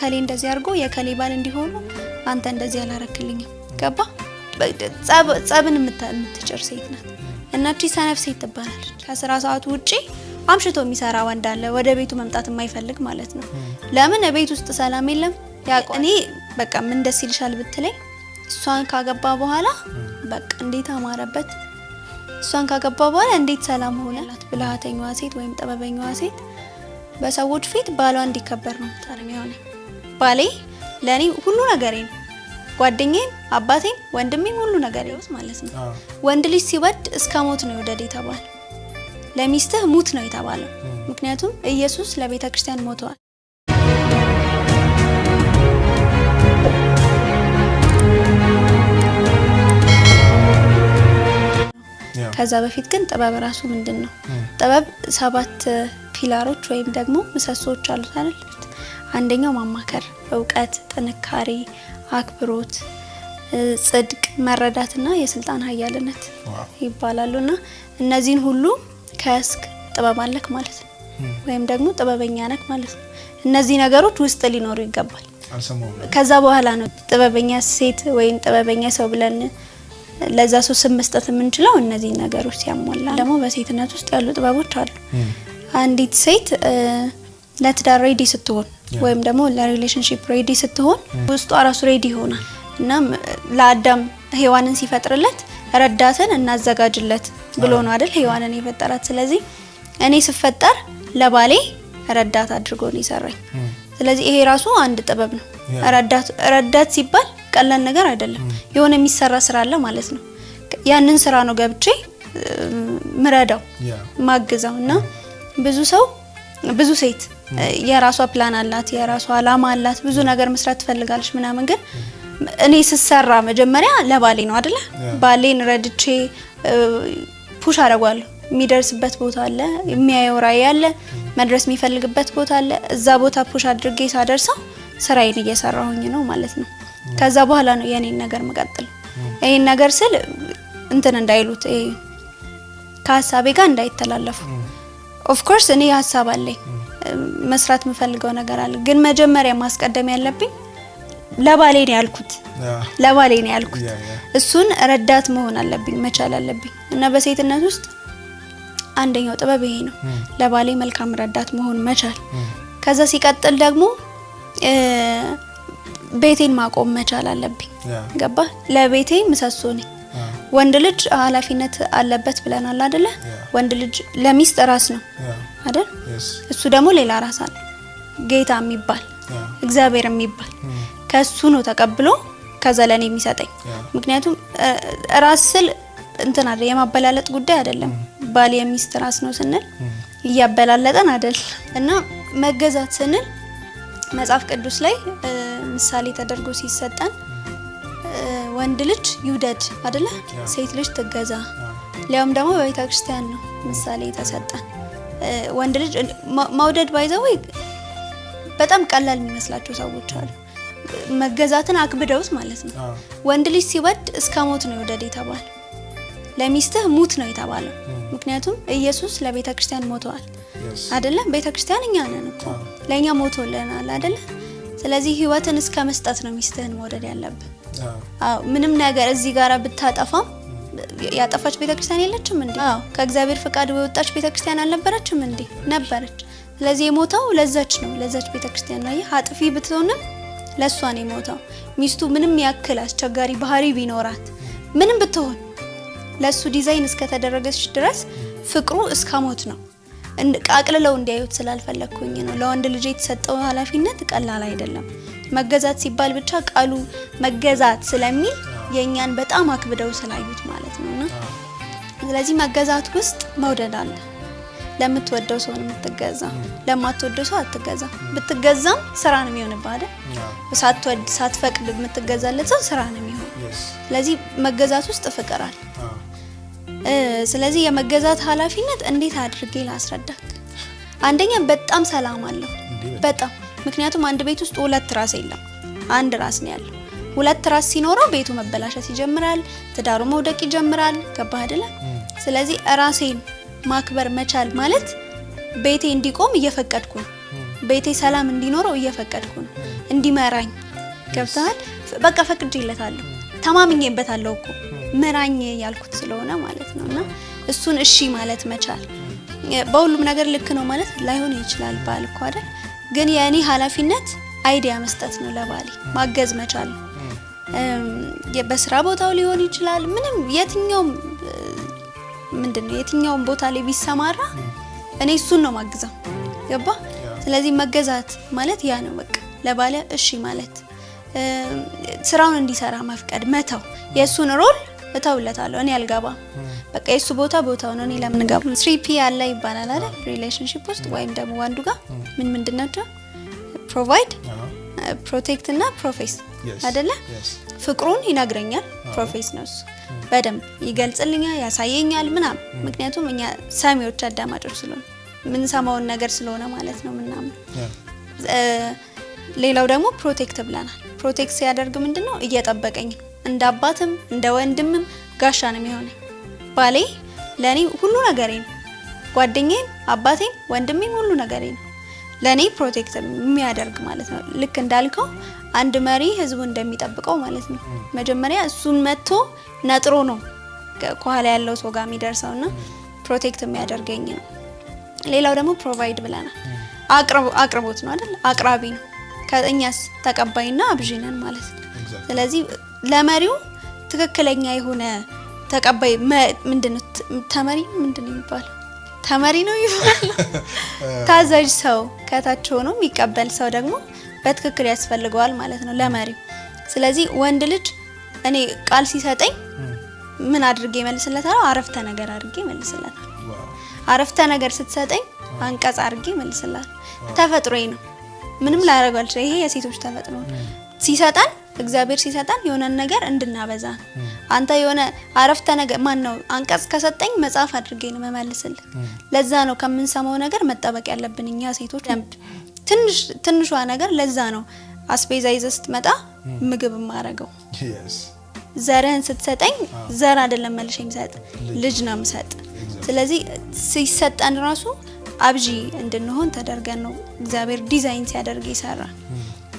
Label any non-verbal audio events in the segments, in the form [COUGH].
ከሌ እንደዚህ አድርጎ የከሌ ባል እንዲሆኑ አንተ እንደዚህ አላረክልኝም። ገባ ጸብን የምትጭር ሴት ናት። እናቺ ሰነፍ ሴት ትባላለች። ከስራ ሰዓቱ ውጪ አምሽቶ የሚሰራ ወንድ አለ፣ ወደ ቤቱ መምጣት የማይፈልግ ማለት ነው። ለምን ቤት ውስጥ ሰላም የለም። እኔ በቃ ምን ደስ ይልሻል ብትለኝ እሷን ካገባ በኋላ በቃ እንዴት አማረበት፣ እሷን ካገባ በኋላ እንዴት ሰላም ሆነላት። ብልሃተኛዋ ሴት ወይም ጥበበኛዋ ሴት በሰዎች ፊት ባሏ እንዲከበር ነው ሆነ። ባሌ ለእኔ ሁሉ ነገሬ ነው። ጓደኛዬን፣ አባቴን፣ ወንድሜን ሁሉ ነገሬ ነው ማለት ነው። ወንድ ልጅ ሲወድ እስከ ሞት ነው ይውደድ የተባለ ለሚስትህ ሙት ነው የተባለው። ምክንያቱም ኢየሱስ ለቤተ ክርስቲያን ሞተዋል። ከዛ በፊት ግን ጥበብ ራሱ ምንድን ነው? ጥበብ ሰባት ፒላሮች ወይም ደግሞ ምሰሶዎች አሉት አይደል? አንደኛው ማማከር፣ እውቀት፣ ጥንካሬ፣ አክብሮት፣ ጽድቅ፣ መረዳትና የስልጣን ሀያልነት ይባላሉ እና እነዚህን ሁሉ ከስክ ጥበብ አለክ ማለት ነው፣ ወይም ደግሞ ጥበበኛ ነክ ማለት ነው። እነዚህ ነገሮች ውስጥ ሊኖሩ ይገባል። ከዛ በኋላ ነው ጥበበኛ ሴት ወይም ጥበበኛ ሰው ብለን ለዛ ሰው ስም መስጠት የምንችለው እነዚህን ነገሮች ሲያሟላ። ደግሞ በሴትነት ውስጥ ያሉ ጥበቦች አሉ። አንዲት ሴት ለትዳር ሬዲ ስትሆን ወይም ደግሞ ለሪሌሽንሽፕ ሬዲ ስትሆን ውስጧ ራሱ ሬዲ ይሆናል። እናም ለአዳም ሔዋንን ሲፈጥርለት ረዳትን እናዘጋጅለት ብሎ ነው አይደል ሔዋንን የፈጠራት። ስለዚህ እኔ ስፈጠር ለባሌ ረዳት አድርጎ ነው የሰራኝ። hmm. ስለዚህ ይሄ ራሱ አንድ ጥበብ ነው። ረዳት ሲባል ቀላል ነገር አይደለም። hmm. የሆነ የሚሰራ ስራ አለ ማለት ነው። ያንን ስራ ነው ገብቼ ምረዳው ማግዛው እና hmm. ብዙ ሰው ብዙ ሴት የራሷ ፕላን አላት፣ የራሷ አላማ አላት። ብዙ ነገር መስራት ትፈልጋለች ምናምን ግን እኔ ስሰራ መጀመሪያ ለባሌ ነው አይደለ? ባሌን ረድቼ ፑሽ አደርጓለሁ። የሚደርስበት ቦታ አለ፣ የሚያየው ራዕይ አለ፣ መድረስ የሚፈልግበት ቦታ አለ። እዛ ቦታ ፑሽ አድርጌ ሳደርሰው ስራዬን እየሰራሁኝ ነው ማለት ነው። ከዛ በኋላ ነው የኔን ነገር መቀጠል። ይሄን ነገር ስል እንትን እንዳይሉት ከሀሳቤ ጋር እንዳይተላለፉ። ኦፍኮርስ እኔ ሀሳብ አለኝ መስራት የምፈልገው ነገር አለ። ግን መጀመሪያ ማስቀደም ያለብኝ ለባሌ ነው ያልኩት ለባሌ ነው ያልኩት እሱን ረዳት መሆን አለብኝ መቻል አለብኝ። እና በሴትነት ውስጥ አንደኛው ጥበብ ይሄ ነው፣ ለባሌ መልካም ረዳት መሆን መቻል። ከዛ ሲቀጥል ደግሞ ቤቴን ማቆም መቻል አለብኝ። ገባ ለቤቴ ምሰሶ ነኝ። ወንድ ልጅ ኃላፊነት አለበት ብለናል አደለ? ወንድ ልጅ ለሚስት ራስ ነው አይደል? እሱ ደግሞ ሌላ ራስ አለ ጌታ የሚባል እግዚአብሔር የሚባል ከእሱ ነው ተቀብሎ ከዛ ለእኔ የሚሰጠኝ። ምክንያቱም ራስ ስል እንትን አለ የማበላለጥ ጉዳይ አይደለም። ባል የሚስት ራስ ነው ስንል እያበላለጠን አይደል እና መገዛት ስንል መጽሐፍ ቅዱስ ላይ ምሳሌ ተደርጎ ሲሰጠን ወንድ ልጅ ይውደድ አደለ፣ ሴት ልጅ ትገዛ። ሊያውም ደግሞ በቤተክርስቲያን ነው ምሳሌ ተሰጠን። ወንድ ልጅ መውደድ ባይዘው በጣም ቀላል የሚመስላቸው ሰዎች አሉ። መገዛትን አክብደውት ማለት ነው። ወንድ ልጅ ሲወድ እስከ ሞት ነው የወደድ የተባለ ለሚስትህ ሙት ነው የተባለው። ምክንያቱም ኢየሱስ ለቤተ ክርስቲያን ሞተዋል አይደለም? ቤተ ክርስቲያን እኛ ነን እኮ ለእኛ ሞቶልናል አይደለም? ስለዚህ ህይወትን እስከ መስጠት ነው ሚስትህን መውደድ ያለብህ። ምንም ነገር እዚህ ጋር ብታጠፋም ያጠፋች ቤተክርስቲያን የለችም እንዴ? አዎ፣ ከእግዚአብሔር ፈቃድ ወጣች ቤተክርስቲያን አልነበረችም እንዴ? ነበረች። ስለዚህ የሞተው ለዛች ነው፣ ለዛች ቤተክርስቲያን ነው። አጥፊ ብትሆንም ለእሷ ነው የሞተው። ሚስቱ ምንም ያክል አስቸጋሪ ባህሪ ቢኖራት ምንም ብትሆን ለእሱ ዲዛይን እስከተደረገች ድረስ ፍቅሩ እስከ ሞት ነው። አቅልለው እንዲያዩት ስላልፈለግኩኝ ነው። ለወንድ ልጅ የተሰጠው ኃላፊነት ቀላል አይደለም። መገዛት ሲባል ብቻ ቃሉ መገዛት ስለሚል የእኛን በጣም አክብደው ስላዩት ማለት ነውና ስለዚህ መገዛት ውስጥ መውደድ አለ። ለምትወደው ሰው ነው የምትገዛ፣ ለማትወደው ሰው አትገዛ። ብትገዛም ስራ ነው የሚሆንብህ አይደል? ሳትወድ ሳትፈቅድ የምትገዛለት ሰው ስራ ነው የሚሆን። ስለዚህ መገዛት ውስጥ ፍቅር አለ። ስለዚህ የመገዛት ሀላፊነት እንዴት አድርጌ ላስረዳክ? አንደኛ በጣም ሰላም አለው፣ በጣም ምክንያቱም አንድ ቤት ውስጥ ሁለት ራስ የለም፣ አንድ ራስ ነው ያለው። ሁለት ራስ ሲኖረው ቤቱ መበላሸት ይጀምራል፣ ትዳሩ መውደቅ ይጀምራል። ገባህ አይደለ? ስለዚህ ራሴን ማክበር መቻል ማለት ቤቴ እንዲቆም እየፈቀድኩ ነው፣ ቤቴ ሰላም እንዲኖረው እየፈቀድኩ ነው፣ እንዲመራኝ ገብተሃል። በቃ ፈቅጄለታለሁ፣ ተማምኜበታለሁ እኮ ምራኝ ያልኩት ስለሆነ ማለት ነው። እና እሱን እሺ ማለት መቻል በሁሉም ነገር ልክ ነው ማለት ላይሆን ይችላል። ባል እኮ አይደል? ግን የእኔ ኃላፊነት አይዲያ መስጠት ነው፣ ለባሌ ማገዝ መቻል ነው። በስራ ቦታው ሊሆን ይችላል። ምንም የትኛውም ምንድነው የትኛውም ቦታ ላይ ቢሰማራ እኔ እሱን ነው ማግዛው። ገባ? ስለዚህ መገዛት ማለት ያ ነው። በቃ ለባለ እሺ ማለት ስራውን እንዲሰራ መፍቀድ፣ መተው የእሱን ሮል እተውለታለሁ እኔ አልገባም። በቃ የእሱ ቦታ ቦታው ነው፣ እኔ ለምን ገባ? ስሪ ፒ ያለ ይባላል አይደል ሪሌሽንሽፕ ውስጥ ወይም ደግሞ አንዱ ጋር ምን ምንድን ናቸው ፕሮቫይድ ፕሮቴክት እና ፕሮፌስ አደለ ፍቅሩን ይነግረኛል። ፕሮፌስ ነው እሱ በደንብ ይገልጽልኛል፣ ያሳየኛል ምናምን። ምክንያቱም እኛ ሰሚዎች አዳማጮች ስለሆነ የምንሰማውን ነገር ስለሆነ ማለት ነው ምናምን። ሌላው ደግሞ ፕሮቴክት ብለናል። ፕሮቴክት ሲያደርግ ምንድን ነው እየጠበቀኝ እንደ አባትም እንደ ወንድምም ጋሻ ነው የሚሆነኝ። ባሌ ለእኔ ሁሉ ነገሬ ነው። ጓደኛዬም፣ አባቴም፣ ወንድሜም ሁሉ ነገሬ ነው። ለእኔ ፕሮቴክት የሚያደርግ ማለት ነው። ልክ እንዳልከው አንድ መሪ ህዝቡ እንደሚጠብቀው ማለት ነው። መጀመሪያ እሱን መጥቶ ነጥሮ ነው ከኋላ ያለው ሰው ጋር የሚደርሰው እና ፕሮቴክት የሚያደርገኝ ነው። ሌላው ደግሞ ፕሮቫይድ ብለናል። አቅርቦት ነው አይደል? አቅራቢ ነው። ከእኛስ ተቀባይና አብዢ ማለት ነው። ስለዚህ ለመሪው ትክክለኛ የሆነ ተቀባይ ምንድነው? ተመሪ ምንድነው ነው የሚባለው ተመሪ ነው ይባላል። [LAUGHS] ታዛዥ ሰው ከታች ሆኖ የሚቀበል ሰው ደግሞ በትክክል ያስፈልገዋል ማለት ነው ለመሪው። ስለዚህ ወንድ ልጅ እኔ ቃል ሲሰጠኝ ምን አድርጌ መልስለታለሁ? አረፍተ ነገር አድርጌ መልስለታለሁ። አረፍተ ነገር ስትሰጠኝ አንቀጽ አድርጌ መልስላል። ተፈጥሮዬ ነው፣ ምንም ላያደርገው አልችልም። ይሄ የሴቶች ተፈጥሮ ነው። ሲሰጠን እግዚአብሔር ሲሰጠን የሆነን ነገር እንድናበዛ አንተ የሆነ አረፍተ ነገር ማን ነው አንቀጽ ከሰጠኝ መጽሐፍ አድርጌ ነው መመልስልህ። ለዛ ነው ከምንሰማው ነገር መጠበቅ ያለብን እኛ ሴቶች ደንብ ትንሽ ትንሿ ነገር ለዛ ነው አስቤዛ ይዘህ ስትመጣ ምግብ ማረገው ዘርህን ስትሰጠኝ ዘር አይደለም መልሼ የሚሰጥ ልጅ ነው የምሰጥ። ስለዚህ ሲሰጠን ራሱ አብዢ እንድንሆን ተደርገን ነው እግዚአብሔር ዲዛይን ሲያደርግ ይሰራል።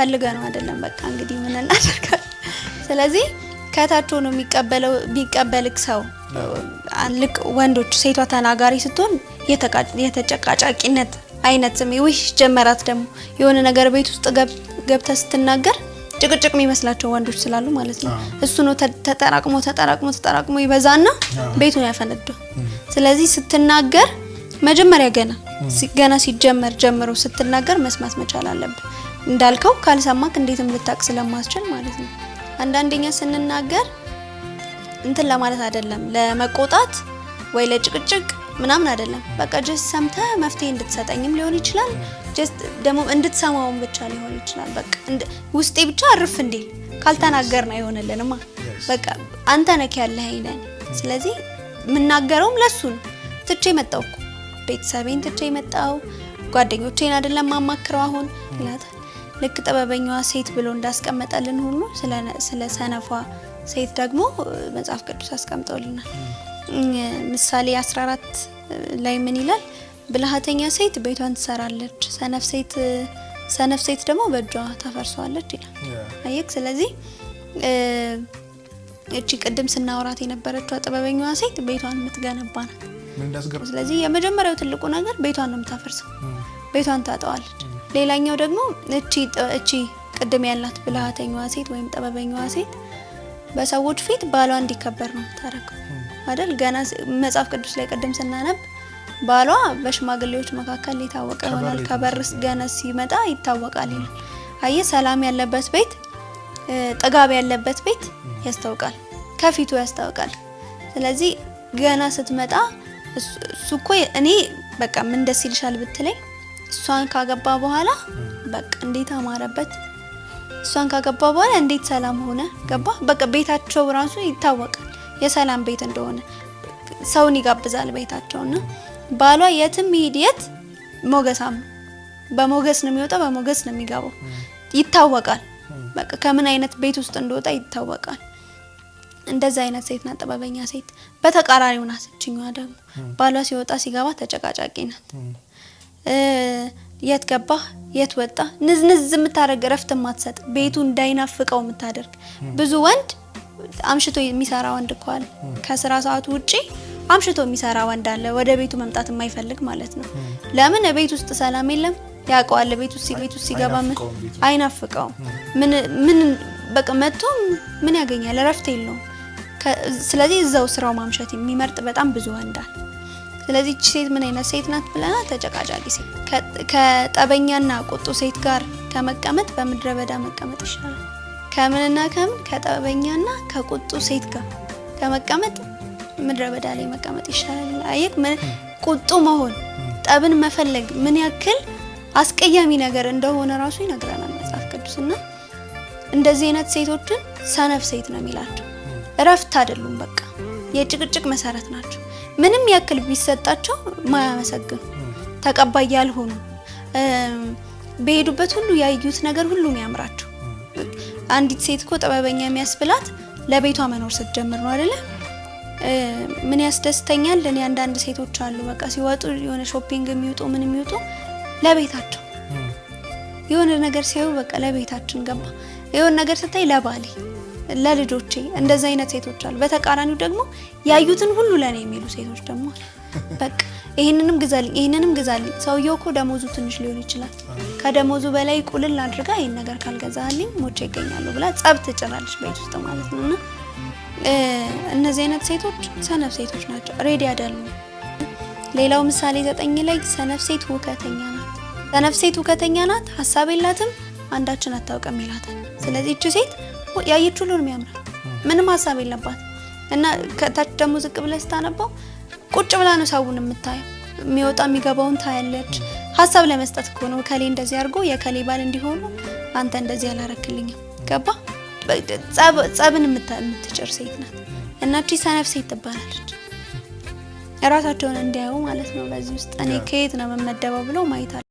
ፈልገ ነው አይደለም። በቃ እንግዲህ ምን እናደርጋለን። ስለዚህ ከታች ሆኖ የሚቀበለው የሚቀበልክ ሰው ልክ ወንዶች ሴቷ ተናጋሪ ስትሆን የተጨቃጫቂነት አይነት ስሜ ጀመራት ደግሞ የሆነ ነገር ቤት ውስጥ ገብተ ስትናገር ጭቅጭቅ የሚመስላቸው ወንዶች ስላሉ ማለት ነው። እሱ ነው ተጠራቅሞ ተጠራቅሞ ተጠራቅሞ ይበዛና ቤቱን ያፈነዳው። ስለዚህ ስትናገር መጀመሪያ ገና ገና ሲጀመር ጀምሮ ስትናገር መስማት መቻል አለብን። እንዳልከው ካልሰማክ እንዴትም ልታቅ ስለማስችል ማለት ነው። አንዳንደኛ ስንናገር እንትን ለማለት አይደለም፣ ለመቆጣት ወይ ለጭቅጭቅ ምናምን አይደለም። በቃ ጀስት ሰምተ መፍትሄ እንድትሰጠኝም ሊሆን ይችላል። ጀስት ደግሞ እንድትሰማውም ብቻ ሊሆን ይችላል። በቃ ውስጤ ብቻ አርፍ እንዲል ካልተናገር ነው አይሆንልንማ። በቃ አንተ ነክ ያለህ ይለን። ስለዚህ የምናገረውም ለሱ ነው። ትቼ መጣው ቤተሰቤን ትቼ መጣው ጓደኞቼን አይደለም ማማክረው አሁን ይላታል። ልክ ጥበበኛዋ ሴት ብሎ እንዳስቀመጠልን ሁሉ ስለ ሰነፏ ሴት ደግሞ መጽሐፍ ቅዱስ አስቀምጠውልናል። ምሳሌ 14 ላይ ምን ይላል? ብልሃተኛ ሴት ቤቷን ትሰራለች፣ ሰነፍ ሴት ሰነፍ ሴት ደግሞ በእጇ ታፈርሰዋለች ይላል። አየክ? ስለዚህ እቺ ቅድም ስናወራት የነበረችው ጥበበኛዋ ሴት ቤቷን የምትገነባ ናት። ስለዚህ የመጀመሪያው ትልቁ ነገር ቤቷን ነው የምታፈርሰው፣ ቤቷን ታጠዋለች። ሌላኛው ደግሞ እቺ እቺ ቅድም ያላት ብልሃተኛዋ ሴት ወይም ጥበበኛዋ ሴት በሰዎች ፊት ባሏ እንዲከበር ነው የምታደርገው አይደል? ገና መጽሐፍ ቅዱስ ላይ ቅድም ስናነብ ባሏ በሽማግሌዎች መካከል የታወቀ ይሆናል፣ ከበርስ ገና ሲመጣ ይታወቃል ይላል። አየ ሰላም ያለበት ቤት፣ ጥጋብ ያለበት ቤት ያስታውቃል፣ ከፊቱ ያስታውቃል። ስለዚህ ገና ስትመጣ እሱ እኮ እኔ በቃ ምን ደስ ይልሻል ብትለኝ እሷን ካገባ በኋላ በቃ እንዴት አማረበት። እሷን ካገባ በኋላ እንዴት ሰላም ሆነ። ገባ በቃ ቤታቸው ራሱ ይታወቃል የሰላም ቤት እንደሆነ ሰውን ይጋብዛል ቤታቸውና ባሏ የትም ይሄድ የት ሞገሳም በሞገስ ነው የሚወጣው፣ በሞገስ ነው የሚገባው። ይታወቃል በቃ ከምን አይነት ቤት ውስጥ እንደወጣ ይታወቃል። እንደዛ አይነት ሴት ናት ጥበበኛ ሴት። በተቃራሪው ናት እችኛዋ ደግሞ ባሏ ሲወጣ ሲገባ ተጨቃጫቂ ናት። የት ገባ የት ወጣ ንዝንዝ የምታደርግ እረፍት የማትሰጥ ቤቱ እንዳይናፍቀው የምታደርግ ብዙ ወንድ አምሽቶ የሚሰራ ወንድ እኮ አለ። ከስራ ሰዓቱ ውጪ አምሽቶ የሚሰራ ወንድ አለ፣ ወደ ቤቱ መምጣት የማይፈልግ ማለት ነው። ለምን ቤት ውስጥ ሰላም የለም ያውቀዋል። ቤት ውስጥ ቤት ውስጥ ሲገባ ምን አይናፍቀውም። ምን ምን በቃ መጥቶ ምን ያገኛል? እረፍት የለውም። ስለዚህ እዛው ስራው ማምሸት የሚመርጥ በጣም ብዙ ወንዳል። ስለዚህ ሴት ምን አይነት ሴት ናት ብለና ተጨቃጫቂ ሴት ከጠበኛና ቁጡ ሴት ጋር ከመቀመጥ በምድረ በዳ መቀመጥ ይሻላል። ከምንና ከምን ከጠበኛና ከቁጡ ሴት ጋር ከመቀመጥ ምድረ በዳ ላይ መቀመጥ ይሻላል። አየክ ቁጡ መሆን ጠብን መፈለግ ምን ያክል አስቀያሚ ነገር እንደሆነ ራሱ ይነግረናል መጽሐፍ ቅዱስና እንደዚህ አይነት ሴቶችን ሰነፍ ሴት ነው የሚላቸው። እረፍት አይደሉም፣ በቃ የጭቅጭቅ መሰረት ናቸው። ምንም ያክል ቢሰጣቸው ማያመሰግኑ ተቀባይ ያልሆኑ በሄዱበት ሁሉ ያዩት ነገር ሁሉ የሚያምራቸው። አንዲት ሴት እኮ ጥበበኛ የሚያስብላት ለቤቷ መኖር ስትጀምር ነው አይደለ? ምን ያስደስተኛል? እኔ አንዳንድ ሴቶች አሉ በቃ ሲወጡ የሆነ ሾፒንግ የሚወጡ ምን የሚወጡ ለቤታቸው የሆነ ነገር ሲያዩ በቃ ለቤታችን ገባ የሆነ ነገር ስታይ ለባሌ ለልጆቼ እንደዚህ አይነት ሴቶች አሉ። በተቃራኒው ደግሞ ያዩትን ሁሉ ለእኔ የሚሉ ሴቶች ደግሞ በቃ ይህንንም ግዛልኝ፣ ይህንንም ግዛልኝ። ሰውየው እኮ ደሞዙ ትንሽ ሊሆን ይችላል። ከደሞዙ በላይ ቁልል አድርጋ ይህን ነገር ካልገዛልኝ ሞቼ ይገኛሉ ብላ ጸብ ትጭራለች ቤት ውስጥ ማለት ነው። እና እነዚህ አይነት ሴቶች ሰነፍ ሴቶች ናቸው፣ ሬዲ አይደሉም። ሌላው ምሳሌ ዘጠኝ ላይ ሰነፍ ሴት ሁከተኛ ናት፣ ሰነፍ ሴት ሁከተኛ ናት፣ ሀሳብ የላትም፣ አንዳችን አታውቅም ይላታል። ስለዚህ እቺ ሴት ያየችው ሁሉንም ያምራል። ምንም ሀሳብ የለባት እና ከታች ደግሞ ዝቅ ብለህ ስታነባው ቁጭ ብላ ነው ሰውን የምታየው። የሚወጣ የሚገባውን ታያለች። ሀሳብ ለመስጠት ከሆነ ከሌ እንደዚህ አድርጎ የከሌ ባል እንዲሆኑ አንተ እንደዚህ አላረክልኝም። ገባ ጸብን የምትጭር ሴት ናት እና እቺ ሰነፍ ሴት ትባላለች። እራሳቸውን እንዲያዩ ማለት ነው። በዚህ ውስጥ እኔ ከየት ነው የምመደበው ብለው ማየት